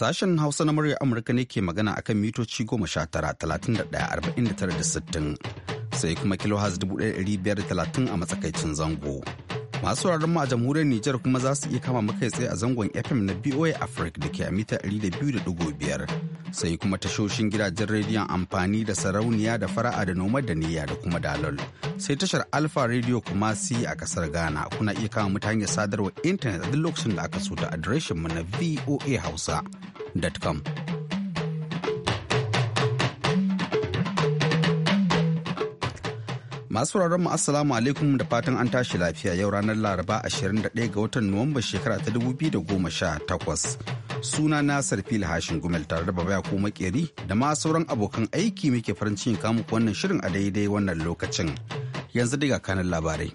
Sashen Hausa na murya Amurka ne ke magana akan mitoci goma sha tara talatin da daya arba'in da tara da sittin sai kuma kilohaz dubu ɗaya biyar da talatin a matsakaicin zango. Masu sauraron mu a jamhuriyar Nijar kuma za su iya kama maka tsaye a zangon FM na BOA Africa da ke a mita ɗari da biyu da ɗigo biyar. Sai kuma tashoshin gidajen rediyon amfani da sarauniya da fara'a da noma da niyya da kuma dalol. Sai tashar alfa Radio kuma si a kasar Ghana kuna iya kama mutane sadarwa intanet a duk lokacin da aka so ta adireshinmu na voa hausa. hausa.com. Masu sauraron mu assalamu alaikum da fatan an tashi lafiya yau ranar Laraba 21 ga watan Nuwamba shekara ta 2018. Suna Nasir Fil Hashin Gumel tare da Baba ko Makeri da ma sauran abokan aiki muke farin cikin kamu wannan shirin a daidai wannan lokacin. Yanzu daga kanan labarai.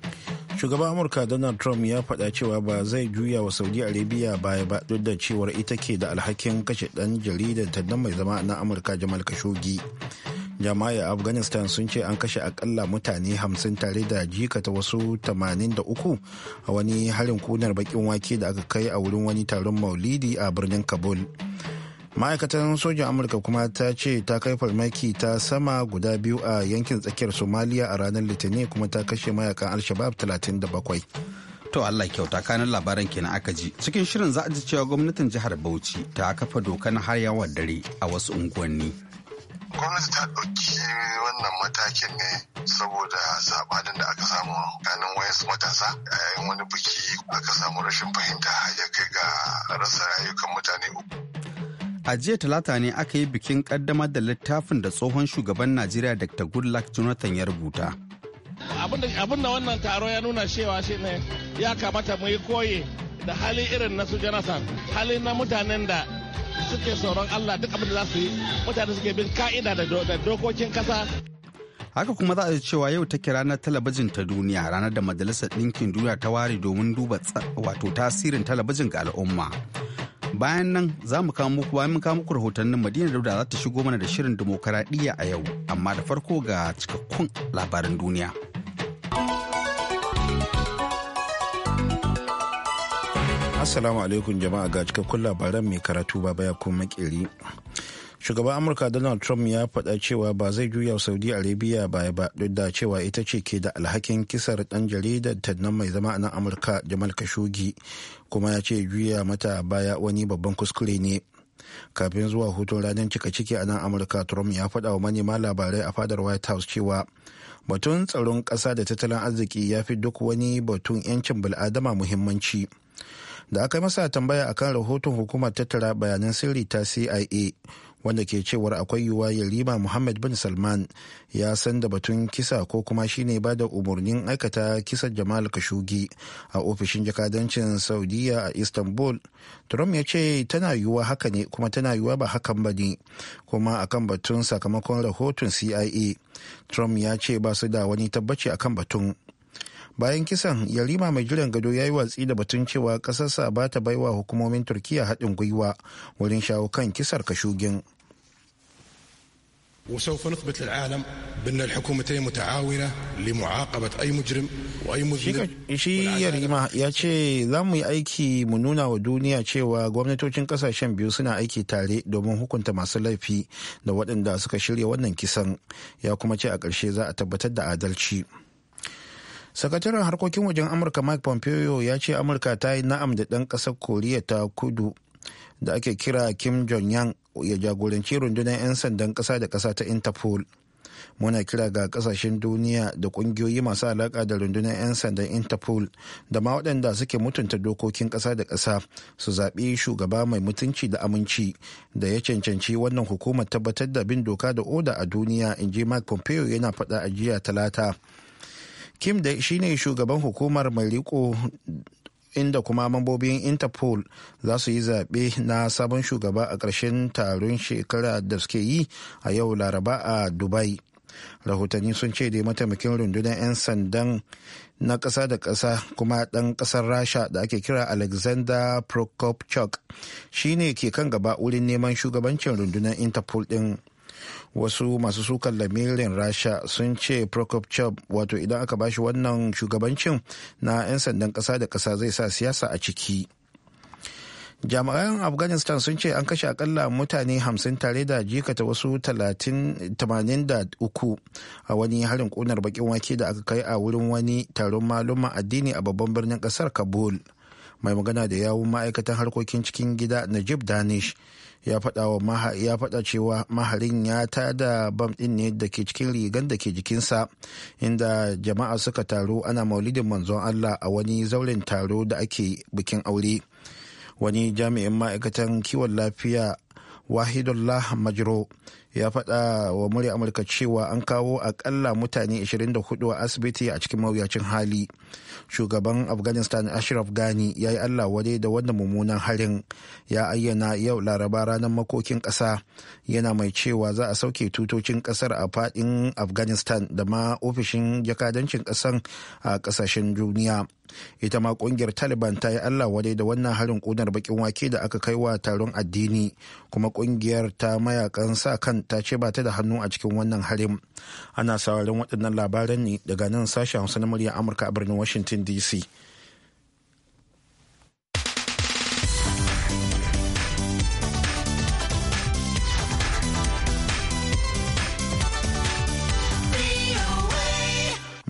shugaban amurka donald trump ya faɗa cewa ba zai juya wa saudi arabia baya ba duk da cewar ita ke da alhakin kashe ɗan jaridar tannan mai zama na amurka jamal khashoggi jama'a afghanistan sun ce an kashe akalla mutane hamsin tare da jikata wasu 83 a wani harin kunar bakin wake da aka kai a wurin wani taron maulidi a birnin kabul ma'aikatan sojin amurka kuma ta ce ta kai farmaki ta sama guda biyu a yankin tsakiyar somaliya a ranar litinin kuma ta kashe mayakan alshabab 37 to allah kyauta kanin labaran kenan aka ji cikin shirin za a ji cewa gwamnatin jihar bauchi ta kafa dokan har yawan dare a wasu unguwanni gwamnati ta ɗauki wannan matakin ne saboda sabanin da aka samu ganin wayansu matasa a yayin wani biki aka samu rashin fahimta ya kai ga rasa rayukan mutane uku A jiya talata ne aka yi bikin kaddamar da littafin da tsohon shugaban Najeriya Dr. Goodluck Jonathan ya rubuta. Abin da wannan taro ya nuna cewa shi ne ya kamata mu yi koyi da hali irin na su Jonathan, hali na mutanen da suke sauran Allah duk abin da za su yi, mutane suke bin ka'ida da dokokin kasa. haka kuma za a ji cewa yau take ranar talabijin ta duniya ranar da majalisar ɗinkin duniya ta ware domin duba wato tasirin talabijin ga al'umma bayan nan za mu kawo muku bayan mun kawo muku rahotannin madina dauda za ta shigo mana da shirin dimokuraɗiyya a yau amma da farko ga cikakkun labaran duniya assalamu alaikum jama'a ga cikakkun labaran mai karatu baba ya kuma makeri shugaban amurka donald trump ya faɗa cewa ba zai juya saudi arabia baya ba duk da cewa ita ce ke da alhakin kisar ɗan jaridar tannan mai zama a nan amurka jamal kashugi kuma ya ce juya mata baya wani babban kuskure ne kafin zuwa hutun ranar cika ciki a nan amurka trump ya faɗa wa manema labarai a fadar white house cewa batun tsaron ƙasa da tattalin arziki ya fi duk wani batun 'yancin bil'adama muhimmanci. da aka yi masa tambaya akan rahoton hukumar tattara bayanan sirri ta cia wanda ke cewar akwai yiwuwa yarima muhammad bin salman ya san da batun kisa ko kuma shine ba da umarnin aikata kisan jamal kashugi a ofishin jakadancin saudiya a istanbul trump ya ce tana yiwuwa haka ne kuma tana yiwuwa ba hakan ba ne kuma akan batun sakamakon rahoton cia trump ya ce ba su da wani tabbaci akan batun bayan kisan yarima mai jiran gado ya yi watsi da batun cewa ƙasarsa ba ta baiwa hukumomin turkiya haɗin gwiwa wurin shawo kan kisar kashugin وسوف نثبت للعالم بان الحكومتين متعاونه لمعاقبه اي مجرم واي مذنب shi yarima ya ce za mu yi aiki mu nuna wa duniya cewa gwamnatocin kasashen biyu suna aiki tare domin hukunta masu laifi da waɗanda suka shirya wannan kisan ya kuma ce a karshe za a tabbatar da adalci. sakataren harkokin wajen amurka mike pompeo ya ce amurka ta yi na'am da ɗan ƙasar koriya ta kudu da ake kira kim jong yang ya jagoranci rundunar 'yan sandan ƙasa da ƙasa ta interpol muna kira ga ƙasashen duniya da ƙungiyoyi masu alaƙa da rundunar 'yan sandan interpol da ma waɗanda suke mutunta dokokin ƙasa da ƙasa su zaɓi shugaba mai mutunci da aminci da ya cancanci wannan hukumar tabbatar da bin doka da oda a duniya in ji mark pompeo yana faɗa a jiya talata kim da shine shugaban hukumar mai riko inda kuma mambobin interpol za su yi zaɓe na sabon shugaba a ƙarshen taron shekara da suke yi a yau laraba a dubai rahotanni sun ce dai mataimakin rundunar 'yan sandan na ƙasa da ƙasa kuma ɗan ƙasar rasha da ake kira alexander prokopchuk shine ke kan gaba wurin neman shugabancin rundunar interpol ɗin. wasu masu sukan lamirin rasha sun ce chub wato idan aka bashi wannan shugabancin na 'yan sandan kasa da kasa zai sa siyasa a ciki jami'an afghanistan sun ce an kashe akalla mutane 50 tare da jikata wasu 83 a wani harin kunar bakin wake da aka kai a wurin wani taron maluma addini a babban birnin kasar kabul mai magana da yawun ma'aikatan harkokin cikin gida najib danish ya faɗa cewa maharin ya da bam ɗin ne da ke cikin rigan da ke jikinsa inda jama'a suka taro ana maulidin manzon Allah a wani zauren taro da ake bikin aure wani jami'in ma'aikatan kiwon lafiya wahidullah majro ya faɗa wa murya amurka cewa an kawo akalla mutane 24 a asibiti a cikin mawuyacin hali shugaban afghanistan ashraf ghani ya yi allah wade da wannan mummunan harin ya ayyana yau laraba ranar makokin ƙasa yana mai cewa za a sauke tutocin ƙasar a faɗin afghanistan da ma ofishin jakadancin ƙasan a ƙasashen duniya ita ma kungiyar taliban ta yi allah wadai da wannan harin kunar bakin wake da aka kai wa taron addini kuma kungiyar ta mayakan sa kan ta ce ba ta da hannu a cikin wannan harin ana sauraron waɗannan labaran ne daga nan sashen hausa na murya amurka a birnin washington dc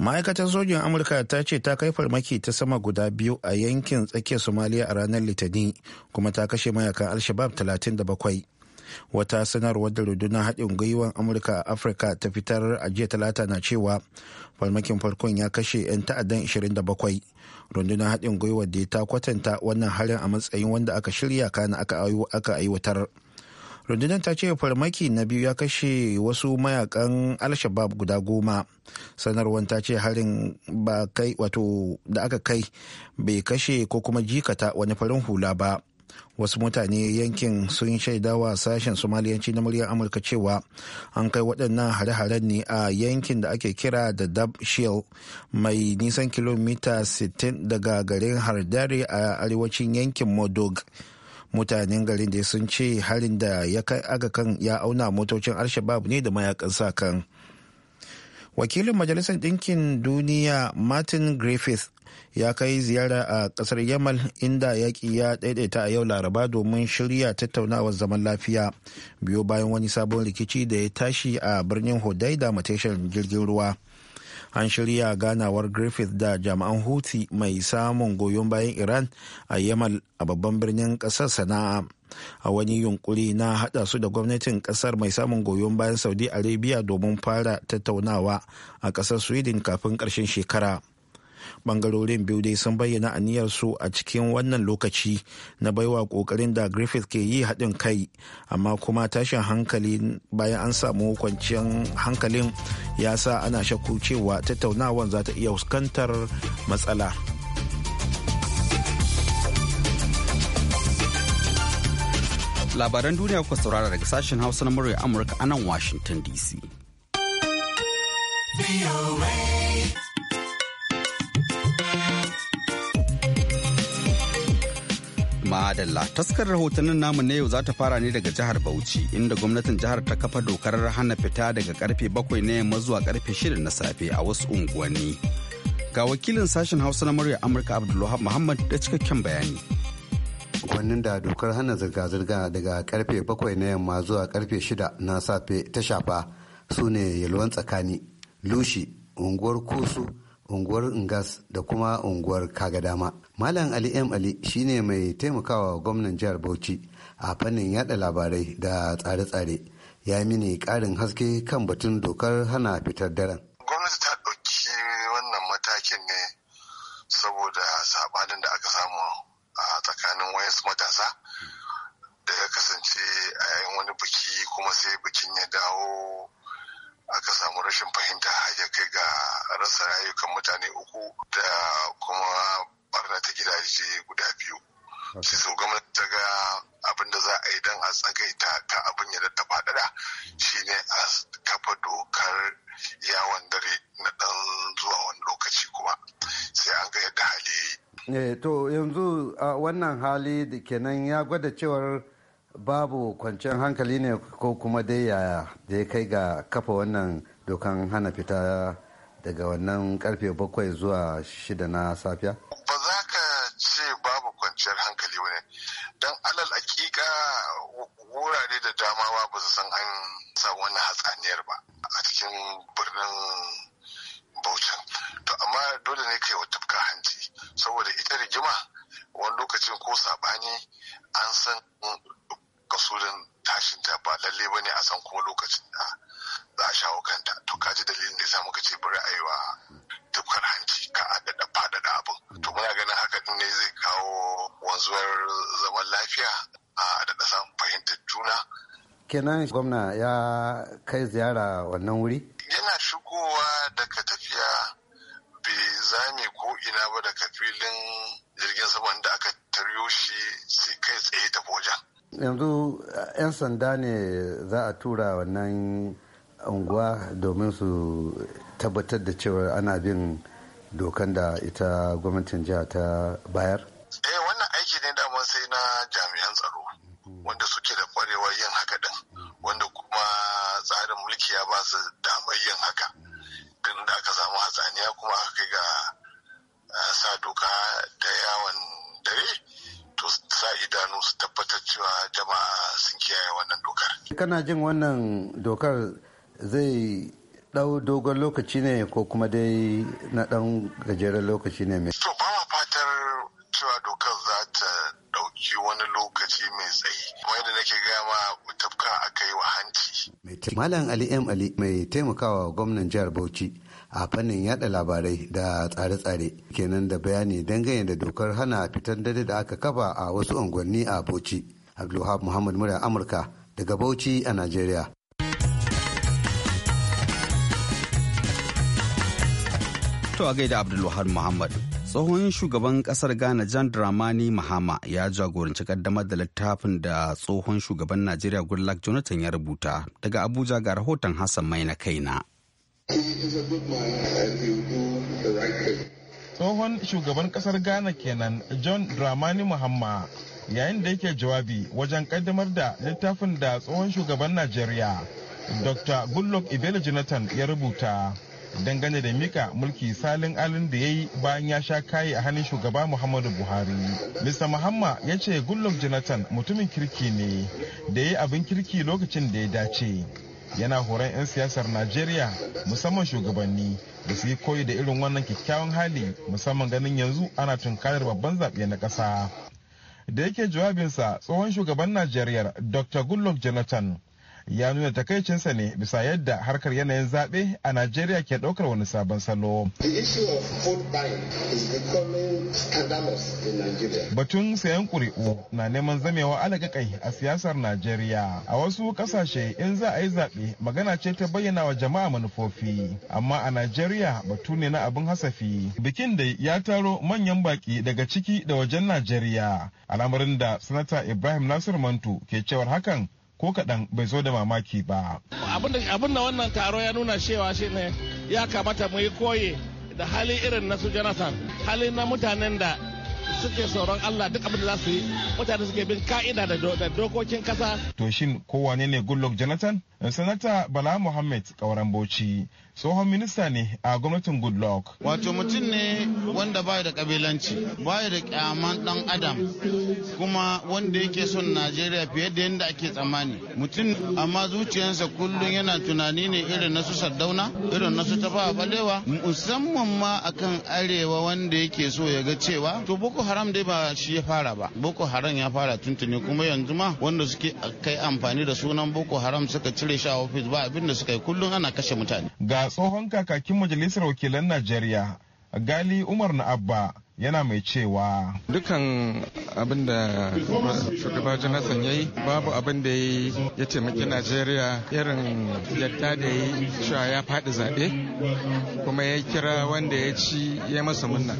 ma'aikatar sojin amurka ta ce ta kai farmaki ta sama guda biyu a yankin tsakiyar somaliya a ranar litani kuma ta kashe mayakan alshabab 37 wata sanarwar da rundunar haɗin gwiwar amurka a afirka ta fitar a jiya talata na cewa farmakin farkon ya kashe 'yan ta'addan 27 rundunar haɗin gwiwar da ta kwatanta wannan harin a matsayin wanda aka shirya kana aka aiwatar. rundunar ta ce farmaki na biyu ya kashe wasu mayakan al guda goma sanarwar ta ce harin ba kai wato da aka kai bai kashe ko kuma jikata wani farin hula ba wasu mutane yankin sun shaida wa sashen somaliyanci na muryar amurka cewa an kai waɗannan hare-haren ne a yankin da ake kira da dab shield mai nisan kilomita 60 daga garin hardare a arewacin yankin modog mutanen garin da sun ce harin da ya kai aga kan ya auna motocin alshabab ne da mayakan sa kan wakilin majalisar ɗinkin duniya martin griffith ya kai ziyara a ƙasar yamal inda yaƙi ya ɗaiɗaita a yau laraba domin shirya tattaunawar zaman lafiya biyo bayan wani sabon rikici da ya tashi a birnin hodaida matashin jirgin ruwa an shirya ganawar griffith da jami'an houthi mai samun goyon bayan iran a yamal a babban birnin kasar sana'a a wani yunkuri na hada su da gwamnatin kasar mai samun goyon bayan saudi arabia domin fara tattaunawa a kasar sweden kafin karshen shekara bangarorin biyu dai sun bayyana aniyarsu a cikin wannan lokaci na baiwa kokarin da griffith ke yi haɗin kai amma kuma tashin hankali bayan an samu kwanciyar hankalin ya sa ana shakku cewa tattaunawar za ta iya fuskantar matsala labaran duniya kuka saurara daga sashen hausa na murya amurka a nan washington dc adalla taskar rahotannin namu na yau za ta fara ne daga jihar Bauchi inda gwamnatin jihar ta kafa dokar hana fita daga karfe bakwai na yamma zuwa karfe 6 na safe a wasu unguwanni. Ga wakilin sashen Hausa na murya Amurka Abdullahi Muhammad da cikakken bayani. wannan da dokar hana zirga-zirga daga karfe bakwai na yamma zuwa karfe shida na safe ta shafa su ne yalwan tsakani lushi unguwar kusu unguwar ngas da kuma unguwar kagadama Malam Ali M. Ali shine mai taimakawa gwamnan jihar Bauchi a fannin yada labarai da tsare-tsare ya mini karin haske kan batun dokar hana fitar daren. Gwamnati ta ɗauki wannan matakin ne saboda sabanin da aka samu a tsakanin wayansu matasa da ya kasance a yayin wani biki kuma sai bikin ya dawo aka samu rashin fahimta ya kai ga rasa rayukan mutane uku da kuma na ta gidaje guda biyu sai so gwamnati ta ga abin da za a yi don a tsagaita ta abin ya ta faɗaɗa shine a kafa dokar yawon dare na ɗan zuwa wani lokaci kuma sai an ga yadda hali eh, to yanzu wannan hali da kenan ya gwada cewar babu kwanciyar hankali ne ko kuma dai yaya da ya kai ga kafa wannan dokan hana fita daga wannan karfe bakwai zuwa shida na safiya? Ba alal hakika wurare da dama ba su san an sa wani hatsaniyar ba a cikin birnin bauchan to amma dole ne kai wa tafka hanci saboda ita rigima wani lokacin ko saɓani an san kasurin tashin ta ba lalle ba ne a san kuma lokacin da za a shawo kanta to kaji dalilin da ya sa muka ce bari a yi wa tafkar hanci ka a faɗaɗa abin muna ganin haka ne zai kawo wanzuwar zaman lafiya a da samun fahimtar juna kenan gwamna ya kai ziyara wannan wuri yana shigowa daga tafiya bai zame ko ina ba daga filin jirgin saman da aka taryo shi sai kai tsaye ta wajen yanzu 'yan sanda ne za a tura wannan unguwa domin su tabbatar da cewa ana bin dokan da ita gwamnatin jiha ta bayar? Eh wannan aiki ne da sai na jami'an tsaro wanda suke da kwarewar yin haka din wanda kuma tsarin mulki ya ba su damar yin haka din da aka samu hatsaniya kuma aka kai ga eh, sa doka da yawon dare to sa idanu su tabbatar cewa jama'a sun kiyaye wannan dokar. Kana jin wannan dokar zai ɗau dogon lokaci ne ko kuma dai na ɗan gajeren lokaci ne mai. To ba fatar cewa dokar za ta ɗauki wani lokaci mai tsayi. kuma da nake gaya ma tafka a kai wa hanci. Malam Ali M. Ali mai taimakawa gwamnan jihar Bauchi a fannin yada labarai da tsare-tsare kenan da bayani dangane da dokar hana fitan dare da aka kafa a wasu unguwanni a Bauchi. Abdulhab Muhammad Murya Amurka daga Bauchi a Najeriya. To a gaida Abdulwahar Muhammad. Tsohon shugaban kasar Ghana John Dramani Mahama ya jagoranci kaddamar da littafin da tsohon shugaban Najeriya Goodluck Jonathan ya rubuta daga Abuja ga rahoton Hassan Mai na kaina. Tsohon shugaban kasar Ghana kenan John Dramani Mahama yayin da yake jawabi wajen kaddamar da littafin da tsohon shugaban Najeriya Dr. Goodluck Ibele Jonathan ya rubuta. dangane da mika mulki salin alin da ya yi bayan ya sha kayi a hannun shugaba muhammadu buhari mr muhamma ya ce goodluck jonathan mutumin kirki ne da ya yi abin kirki lokacin da ya dace yana horon 'yan siyasar najeriya musamman shugabanni da su yi koyi da irin wannan kyakkyawan hali musamman ganin yanzu ana tunkarar babban zaɓe na ƙasa da yake jawabinsa tsohon shugaban najeriya dr goodluck jonathan ya nuna takaicinsa ne bisa yadda harkar yanayin zaɓe a Najeriya ke ɗaukar wani sabon salo. Batun sayan ƙuri'u na neman zamewa alaƙaƙai a siyasar Najeriya. A wasu ƙasashe in za a yi zaɓe magana ce ta bayyana wa jama'a manufofi. Amma a Najeriya batu ne na abin hasafi. Bikin da ya taro manyan baƙi daga ciki da wajen Najeriya. Al'amarin da Sanata Ibrahim Nasiru Mantu ke cewar hakan ko kaɗan bai zo da mamaki ba. Abin da wannan taro ya nuna cewa shi ne ya kamata mu yi koyi da hali irin na su Jonathan, hali na mutanen da suke sauran Allah duk abin da za su yi mutane suke bin ka'ida da dokokin kasa. To shin kowane ne Goodluck Jonathan? Eh, Sanata Bala Muhammad Kauran Bauchi tsohon minista ne a gwamnatin Goodluck. Wato mutum ne wanda bai da kabilanci, bai da kyaman dan Adam kuma wanda yake son Najeriya fiye da yadda ake tsammani. Mutum amma zuciyarsa kullum yana tunani ne irin na su Sardauna, irin na su Tafawa Balewa, musamman ma akan arewa wanda yake so ya ga cewa to boko haram dai ba shi ya fara ba boko haram ya fara tuntuni kuma yanzu ma wanda suke kai amfani da sunan boko haram suka cire shi a ofis ba abinda suka yi kullum ana kashe mutane ga tsohon kakakin majalisar wakilan najeriya gali umar na abba yana mai cewa dukan abin da shugaba jonathan ya yi babu abin da ya taimaki najeriya irin yadda da ya yi cewa ya faɗi zaɓe kuma ya kira wanda ya ci ya masa munna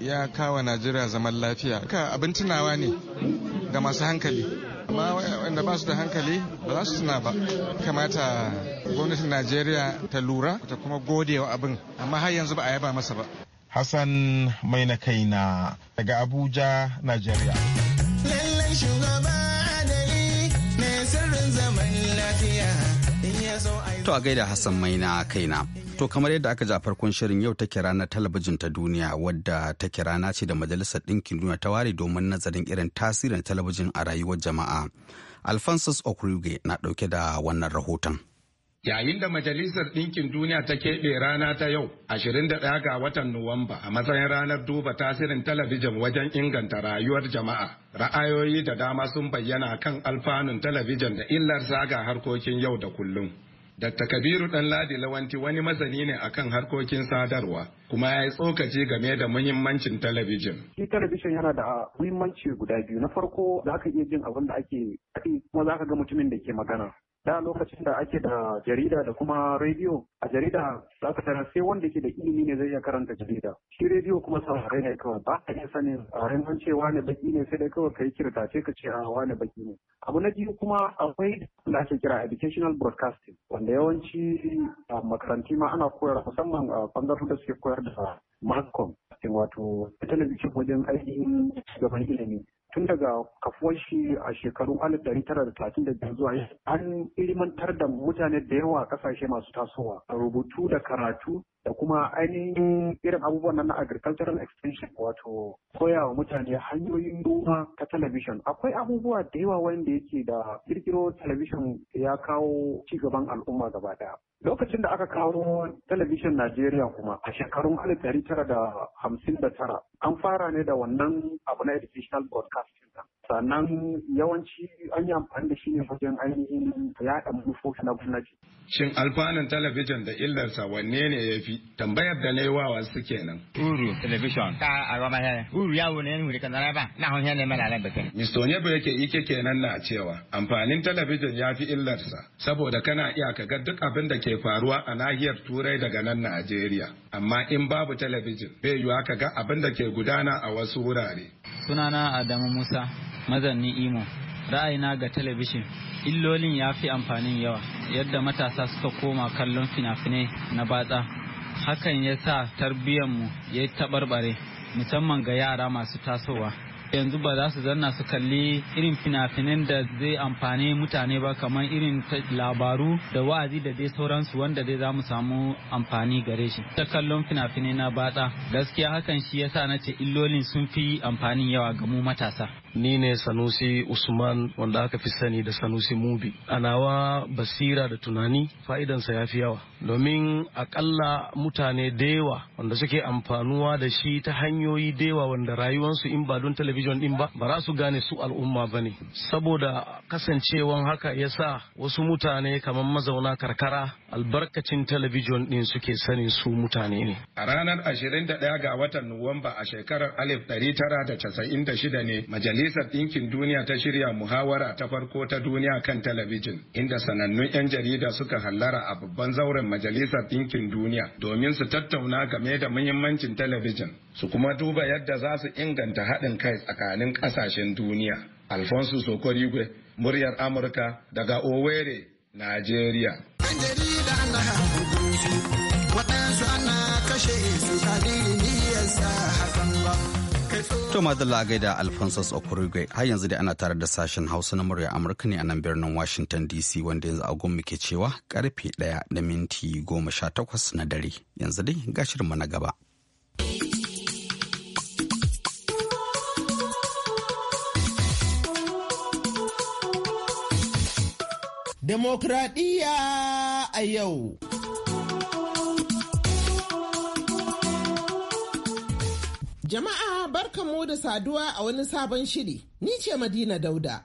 ya kawo najeriya zaman lafiya ka abin tunawa ne ga masu hankali amma wanda ba su da hankali ba za su tuna ba kamata gwamnatin najeriya ta lura ta kuma godewa abin amma har yanzu ba a yaba masa ba hassan mai na kaina daga abuja najeriya lallai To a gaida Hassan Maina kaina. To kamar yadda aka jafar farkon shirin yau take ranar talabijin ta duniya wadda take rana ce da Majalisar Ɗinkin Duniya ta ware domin nazarin irin tasirin talabijin a rayuwar jama'a. Alphonsus Okruge na ɗauke da wannan rahoton. Yayin da Majalisar Ɗinkin Duniya ta keɓe rana ta yau 21 ga watan Nuwamba a matsayin ranar duba tasirin talabijin wajen inganta rayuwar jama'a, ra'ayoyi da dama sun bayyana kan alfanun talabijin da illarsa ga harkokin yau da kullum. Dr. Kabiru ladi Lawanti wani mazani ne akan harkokin sadarwa kuma ya yi tsokaci game da muhimmancin talabijin. Shi talabijin yana da muhimmanci guda biyu. Na farko za ka iya jin abin da ake kuma za ka ga mutumin da ke magana. da lokacin da ake da jarida da kuma rediyo a jarida za ka tara sai wanda ke da ilimi ne zai iya karanta jarida shi rediyo kuma saurare ne kawai ba ka iya a rinan ce ne baki ne sai da kawai kai ce, ka ce a ah, wani baki ne abu na biyu kuma akwai da ake kira educational broadcasting wanda yawanci a makaranti ma ana koyar musamman a bangaren da suke koyar da mascom wato talabijin wajen aiki gaban ilimi tun daga kafuwar shi a shekarun 1935 zuwa an ilimantar da mutane da yawa a kasashe masu tasowa rubutu da karatu da kuma ainihin irin abubuwan nan na agricultural extension wato koya wa mutane hanyoyin noma ta talabishin akwai abubuwa da yawa wanda yake da kirkiro talabishin ya kawo ci gaban al'umma gaba daya lokacin da aka kawo talabishin najeriya kuma a shekarun 1959 an fara ne da wannan abu na educational broadcast customers ta sannan yawanci an yi amfani da shi ne wajen ainihin yaɗa manufofi na gwamnati. Shin alfanun talabijin da illarsa wanne ne ya fi? Tambayar da na yi wawa su kenan. Uru talabijin. Ta a goma ne. Uru ya wuni yin wuri kanzara ba. Na hon ne mala lan bakin. Mr. Onyebo yake ike kenan na cewa amfanin talabijin ya fi illarsa saboda kana iya ka ga duk abin da ke faruwa a nahiyar Turai daga nan Najeriya. Amma in babu talabijin bai yiwa ka ga abin da ke gudana a wasu wurare. Sunana Adamu Musa. mazannin Imo ra'ayina ga talabishin illolin ya fi amfanin yawa yadda matasa suka koma kallon fina-finai na batsa hakan ya sa tarbiyyarmu ya taɓarɓare musamman ga yara masu tasowa yanzu ba za su zanna su kalli irin fina-finan da zai amfani mutane ba kamar irin labaru da wa'azi da dai sauransu wanda dai za mu samu amfani gare shi ta kallon fina-finai na batsa gaskiya hakan shi ya sa na ce illolin sun fi amfanin yawa ga mu matasa ni ne sanusi usman wanda aka fi sani da sanusi mubi a basira da tunani fa'idansa ya fi yawa domin akalla mutane dewa wanda suke amfanuwa da shi ta hanyoyi dewa wanda rayuwansu in ba don talabijin din ba ba za su gane su al'umma ba ne saboda kasancewan haka ya sa wasu mutane kamar mazauna karkara albarkacin talabijin din suke sani su mutane ne a ranar 21 ga watan nuwamba a shekarar 1996 ne majalisar Majalisar dinkin Duniya ta shirya muhawara ta farko ta duniya kan talabijin, inda sanannun 'yan jarida suka hallara a babban zauren Majalisar dinkin Duniya domin su tattauna game da muhimmancin talabijin, su kuma duba yadda za su inganta haɗin kai tsakanin ƙasashen duniya. Alfonso Sokorigwe, muryar Amurka daga Owerri, Najeriya. Waɗansu ana kashe su ba. To madalla gaida Alphonsus Okurugwe har yanzu da ana tare da sashen Hausa na murya Amurka ne a nan birnin Washington DC wanda yanzu agun muke cewa karfe 1 da minti 18 na dare yanzu dai ga na gaba. Demokradiyya a yau. Jama'a barka barkanmu da saduwa a wani sabon shiri. Ni ce Madina Dauda.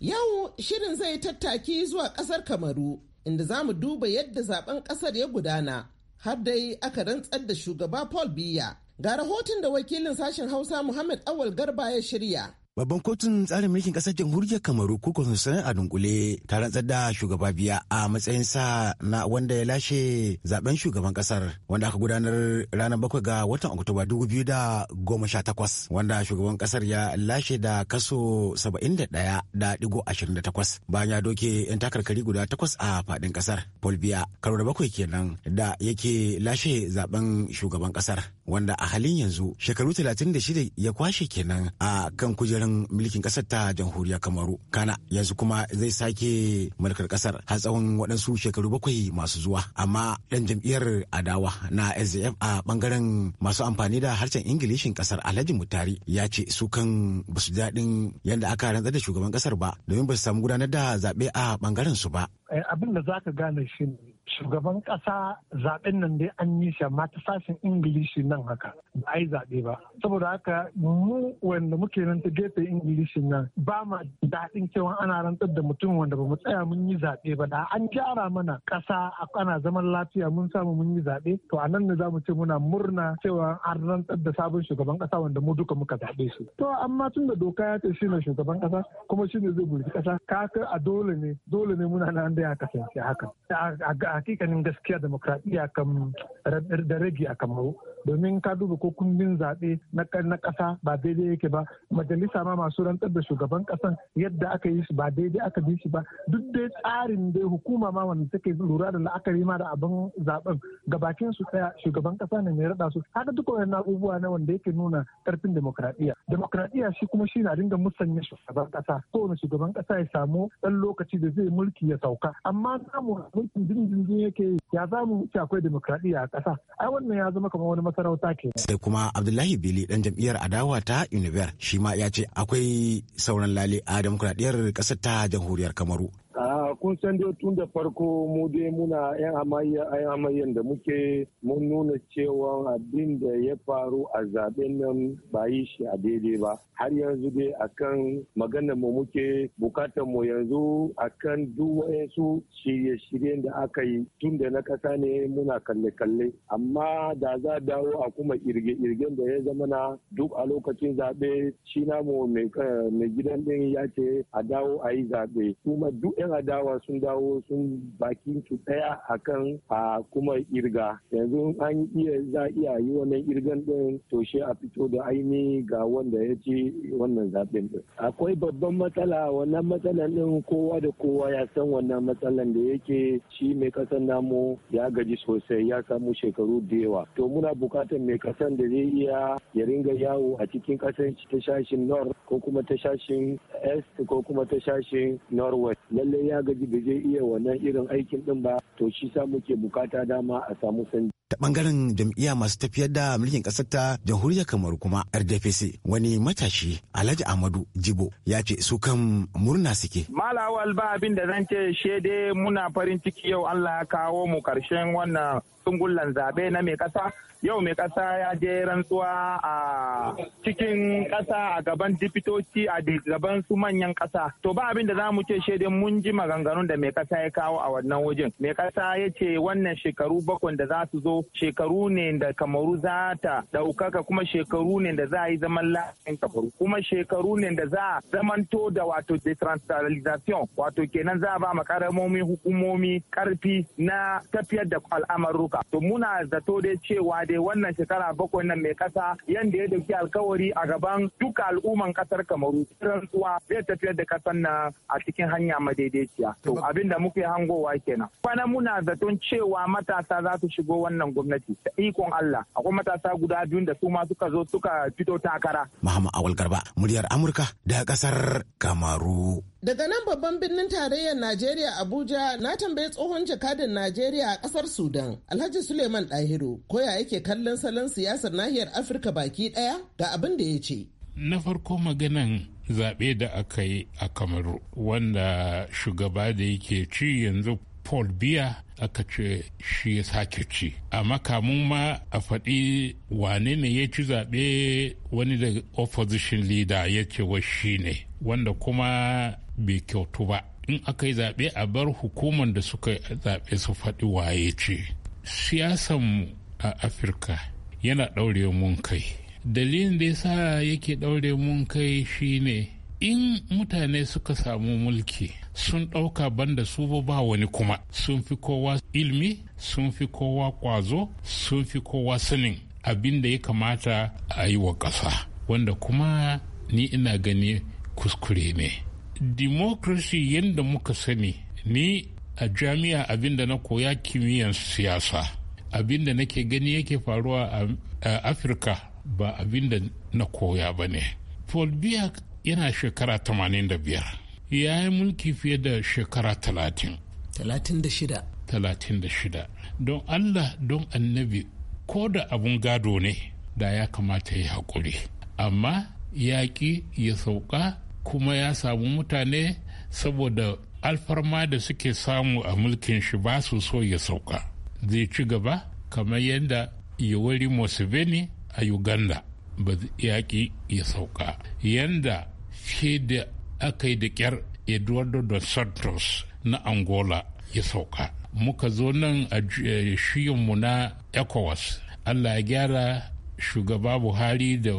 Yau shirin zai tattaki zuwa ƙasar Kamaru, inda za mu duba yadda zaben ƙasar ya gudana, har dai aka rantsar da shugaba Paul Biya. Ga rahoton da wakilin sashen Hausa Muhammad Awal Garba ya shirya. Babban kotun tsarin mulkin kasar jamhuriyar Kamaru ko Konstitution a dunkule ta rantsar da shugaba biya a matsayin sa na wanda ya lashe zaben shugaban ƙasar. wanda aka gudanar ranar bakwai ga watan Oktoba takwas wanda shugaban kasar ya lashe da kaso da takwas bayan ya doke 'yan takarkari guda takwas a fadin ƙasar. Paul Biya karo da bakwai kenan da yake lashe zaben shugaban ƙasar. wanda a halin yanzu shekaru talatin da shida ya kwashe kenan a kan kujerar tsarin mulkin kasar ta jamhuriyar kamaru kana yanzu kuma zai sake mulkar kasar har tsawon waɗansu shekaru bakwai masu zuwa amma ɗan jam'iyyar adawa na sdf a ɓangaren masu amfani da harshen ingilishin kasar alhaji mutari ya ce su kan ba su daɗin yadda aka rantsar da shugaban kasar ba domin ba su samu gudanar da zaɓe a ɓangaren su ba eh, abin da za ka gane shi ne shugaban ƙasa zaɓen nan dai an yi shi amma ta sashen ingilishi nan haka ba a yi zaɓe ba saboda haka mu wanda muke nan ta gefe ingilishi nan ba ma daɗin cewa ana rantsar da mutum wanda ba mu tsaya mun yi zaɓe ba da an gyara mana ƙasa ana zaman lafiya mun samu mun yi zaɓe to a nan ne za mu ce muna murna cewa an rantsar da sabon shugaban ƙasa wanda mu duka muka zaɓe su to amma tun da doka ya ce shi shugaban ƙasa kuma shi ne zai bulki ƙasa ka a dole ne dole ne muna nan da ya kasance haka hakikanin gaskiya demokradiyya kan da rage a kamaru domin ka duba ko kundin zaɓe na ƙasa ba daidai yake ba majalisa ma masu rantsar da shugaban ƙasan yadda aka yi shi ba daidai aka bi shi ba duk dai tsarin da hukuma ma wanda take lura da la'akari ma da abin zaɓen gabakin su tsaya shugaban ƙasa ne mai raɗa su haka duk wannan abubuwa na wanda yake nuna ƙarfin demokradiyya demokradiyya shi kuma shi na dinga musanya shugaban ƙasa kowane shugaban ƙasa ya samu ɗan lokaci da zai mulki ya sauka amma samu mulkin jinjin yake ya zamu ci akwai demokradiyya a ƙasa ai wannan ya zama kamar wani masarauta ke. Sai kuma Abdullahi Bili dan jam'iyyar adawa ta Univer shi ma ya ce akwai sauran lale a demokradiyyar ƙasar ta jamhuriyar Kamaru kun san dai tun da farko mu dai muna yan amayyan da muke mun nuna cewa abin da ya faru a zaben nan ba yi shi a daidai ba har yanzu dai akan maganar mu muke bukatar mu yanzu akan duk wayansu shirye-shiryen da aka yi tun da na kasa ne muna kalle-kalle amma da za dawo a kuma irge-irgen da ya zama na duk a lokacin zaɓe shi namu mai eh, gidan ɗin ya ce a dawo a yi zaɓe kuma duk yan adawa sun dawo sun bakin su daya akan a kuma irga yanzu an iya za iya yi wannan irgan din to shi a fito da aini ga wanda ya ci wannan zaben din akwai babban matsala wannan matsalan din kowa da kowa ya san wannan matsalan da yake shi mai kasan namu ya gaji sosai ya samu shekaru da yawa to muna bukatar mai kasan da zai iya ya ringa yawo a cikin ƙasar ta shashin ko kuma ta shashin est ko kuma ta shashin dai ya gaji da zai iya wannan irin aikin din ba to shi sa muke bukata dama a samu sanji. ta bangaren jam'iyya masu tafiyar da mulkin kasar ta jamhuriyar kamar kuma rdpc wani matashi alhaji amadu jibo ya ce su kan murna suke malawal ba abin da zan ce shede muna farin ciki yau allah ya kawo mu karshen wannan tungullan zaɓe na mai kasa yau mai kasa ya je rantsuwa a cikin kasa a gaban dipitoci a gaban su manyan kasa to ba abin da za mu ce shede mun ji maganganun da mai kasa ya kawo a wannan wajen mai kasa ya ce wannan shekaru bakwai da za su zo shekaru ne da kamaru za ta ɗaukaka kuma shekaru ne da za a yi zaman lafiyan kamaru kuma shekaru ne da za a zamanto da wato decentralization wato kenan za a ba makaramomi hukumomi karfi na tafiyar da al'amaruka to muna zato dai cewa dai wannan shekara bakwai nan mai kasa yadda ya dauki alkawari a gaban duka al'umman kasar kamaru rantsuwa zai tafiyar da kasar nan a cikin hanya madaidaiciya to abin muke hangowa kenan kwana muna zaton cewa matasa za su shigo wannan wannan gwamnati da ikon Allah akwai matasa guda biyun da su ma suka zo suka fito takara. Muhammad Awal Garba muryar Amurka da kasar Kamaru. Daga nan babban birnin tarayyar Najeriya Abuja na tambayi tsohon jakadan Najeriya a kasar Sudan Alhaji Suleiman Dahiru ko ya yake kallon salon siyasar nahiyar Afirka baki daya ga abin da ya ce. Na farko maganan zaɓe da aka yi a Kamaru wanda shugaba da yake ci yanzu paul biya aka ce shi ya sake ci a kamun ma a faɗi wane ne ya ci zaɓe wani da opposition leader ya ce wa shi ne wanda kuma bai kyautu ba in aka yi zaɓe a bar hukumar da suka zaɓe su faɗi waye ce siyasanmu a afirka yana ɗaure mun kai dalilin da ya sa yake ɗaure mun kai ne. in mutane suka samu mulki sun ɗauka banda su ba wani kuma sun fi kowa ilmi sun fi kowa kwazo sun fi kowa sanin abin da ya kamata a yi wa ƙasa wanda kuma ni ina gani kuskure ne democracy yadda muka sani ni a jami'a abin da na koya kimiyyar siyasa abin da nake gani yake faruwa a afirka ba abin da na koya ba ne yana shekara 85 ya yi mulki fiye da shekara 30 36 shida don allah don annabi ko da abun gado ne da ya kamata ya haƙuri amma yaƙi ya sauka kuma ya samu mutane saboda alfarma da suke samu a mulkin shi ba su so ya sauka zai ci gaba kamar yadda yawari museveni a uganda ba yaƙi ya sauka yadda sai da aka yi da kyar eduardo da santos na angola ya sauka muka zo nan a eh, shiyinmu na ecowas allah ya gyara shugaba buhari da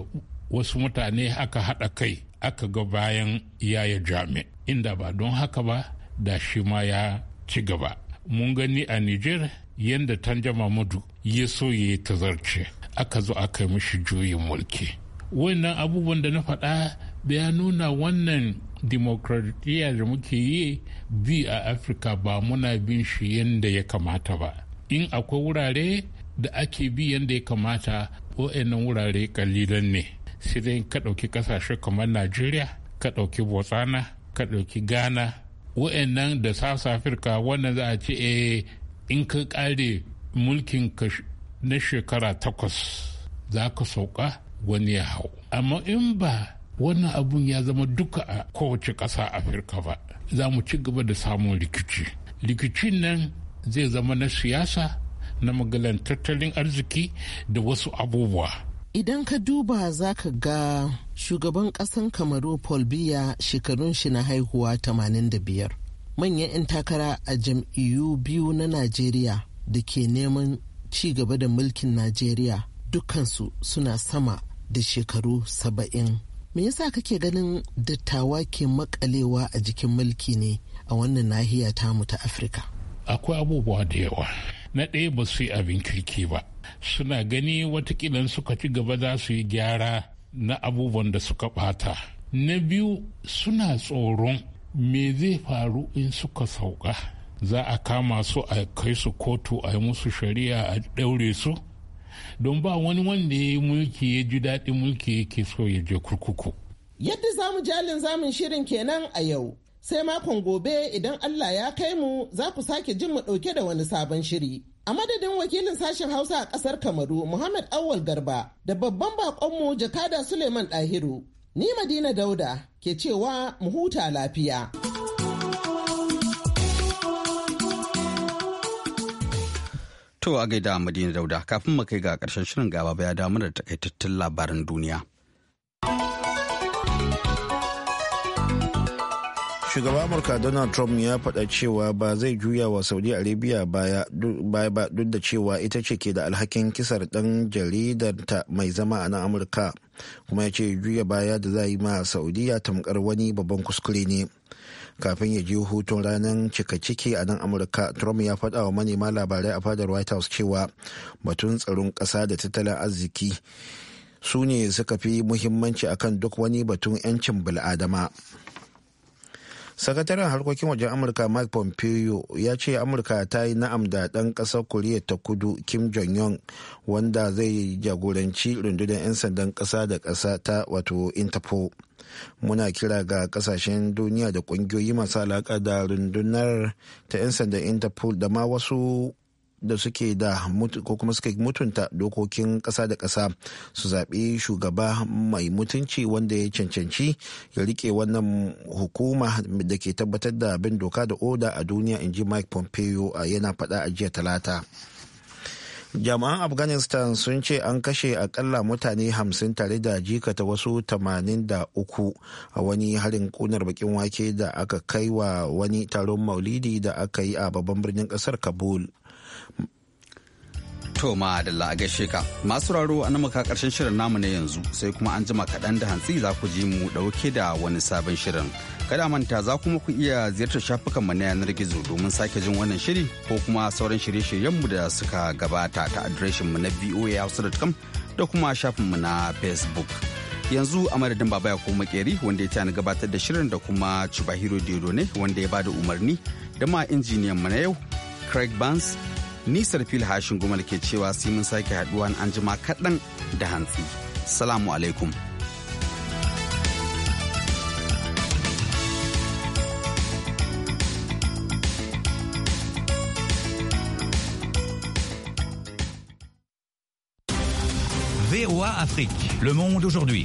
wasu mutane aka haɗa kai aka ga bayan yaya jami inda ba don haka ba da shi ma ya ci gaba mun gani a niger yadda Tanja mudu ya so ya yi zarce aka zo aka yi mishi juyin mulki wannan abubuwan da na faɗa da ya nuna wannan dimokuraɗiyya da muke yi bi a afirka ba muna bin shi yadda ya kamata ba in akwai wurare da ake bi yadda ya kamata wa'annan wurare kalilan ne sai dai ka ɗauki ƙasashe kamar najeriya ka ɗauki botswana ka ɗauki ghana wa'annan da sasa afirka wannan za a ce eh in ka ƙare mulkin ka na shekara takwas za ka sauka wani ya hau amma in ba wannan abun ya zama duka a kowace ƙasa afirka ba za mu ci gaba da samun rikici rikicin nan zai zama na siyasa na magalan tattalin arziki da wasu abubuwa idan ka duba za ka ga shugaban ƙasan kamaru paul biya shekarun shi na haihuwa 85 manyan 'yan takara a jam'iyyu biyu na najeriya da ke neman ci gaba da mulkin najeriya dukansu suna sama da shekaru saba'in me yasa kake ganin dattawa ke makalewa a jikin mulki ne a wannan nahiya tamu ta afirka akwai abubuwa da yawa na ɗaya ba su yi abin kirki ba suna gani watakila suka ci gaba za su yi gyara na abubuwan da suka ɓata. na biyu suna tsoron me zai faru in suka sauka za a kama su a kai su kotu a yi musu shari'a a ɗaure su don ba wani wanda ya yi mulki ya ji daɗin mulki yake so ya je kurkuku. Yadda zamu jalin zamun shirin kenan a yau. Sai makon gobe idan Allah ya kai mu za ku sake jin mu ɗauke da wani sabon shiri. A madadin wakilin sashen Hausa a ƙasar Kamaru Muhammad Awal Garba da babban baƙonmu Jakada Suleiman Ɗahiru. Ni Madina Dauda ke cewa mu huta lafiya. To a gaida Madina Dauda kafin mu kai ga karshen shirin gaba ya damu da takaitattun labaran duniya. Shugaban Amurka Donald Trump ya faɗa cewa ba zai juya wa Saudi Arabia baya ba duk da cewa ita ce ke da alhakin kisar ɗan jaridarta mai zama a nan Amurka. Kuma ya ce juya baya da za yi ma Saudiya tamkar wani babban kuskure ne. kafin ya je hutun ranar cika ciki a nan amurka trump ya faɗa wa manema labarai a fadar white house cewa batun tsaron ƙasa da tattalin arziki su ne suka fi muhimmanci akan duk wani batun 'yancin bil'adama. sakataren harkokin wajen amurka mike pompeo ya ce amurka ta yi na'am da ɗan ƙasar koriya ta kudu kim jong-un wanda zai jagoranci rundunar 'yan sandan ƙasa da ƙasa ta wato interpol muna kira ga kasashen duniya da kungiyoyi masu alaka da rundunar ta 'yan sanda interpol da ma wasu da suke da ko kuma suke mutunta dokokin ƙasa da ƙasa su zaɓi shugaba mai mutunci wanda ya cancanci ya rike wannan hukuma da ke tabbatar da bin doka da oda a duniya in ji mike pompeo yana faɗa a jiya talata jami'an afghanistan sun ce an kashe akalla mutane 50 tare da jikata wasu 83 a wani harin kunar bakin wake da aka kai wa wani taron maulidi da aka yi a babban birnin kasar kabul To ma da a gaishe ka. Masu raro an muka karshen shirin namu na yanzu sai kuma an jima kaɗan da hantsi za ku ji mu ɗauke da wani sabon shirin. Kada manta za kuma ku iya ziyartar shafukanmu na yanar gizo domin sake jin wannan shiri ko kuma sauran shirye-shiryenmu da suka gabata ta adireshinmu na voahausa.com da kuma shafinmu na Facebook. Yanzu a madadin baba ya kuma makeri wanda ya tana gabatar da shirin da kuma Chubahiro Dedo ne wanda ya bada umarni da ma injiniyan mu na yau Craig Barnes Nisar fil hashin gumal ke cewa sai mun sake haduwa an jima kaɗan da hantsi. Salamu alaikum. VOA Afrique, le monde aujourd'hui.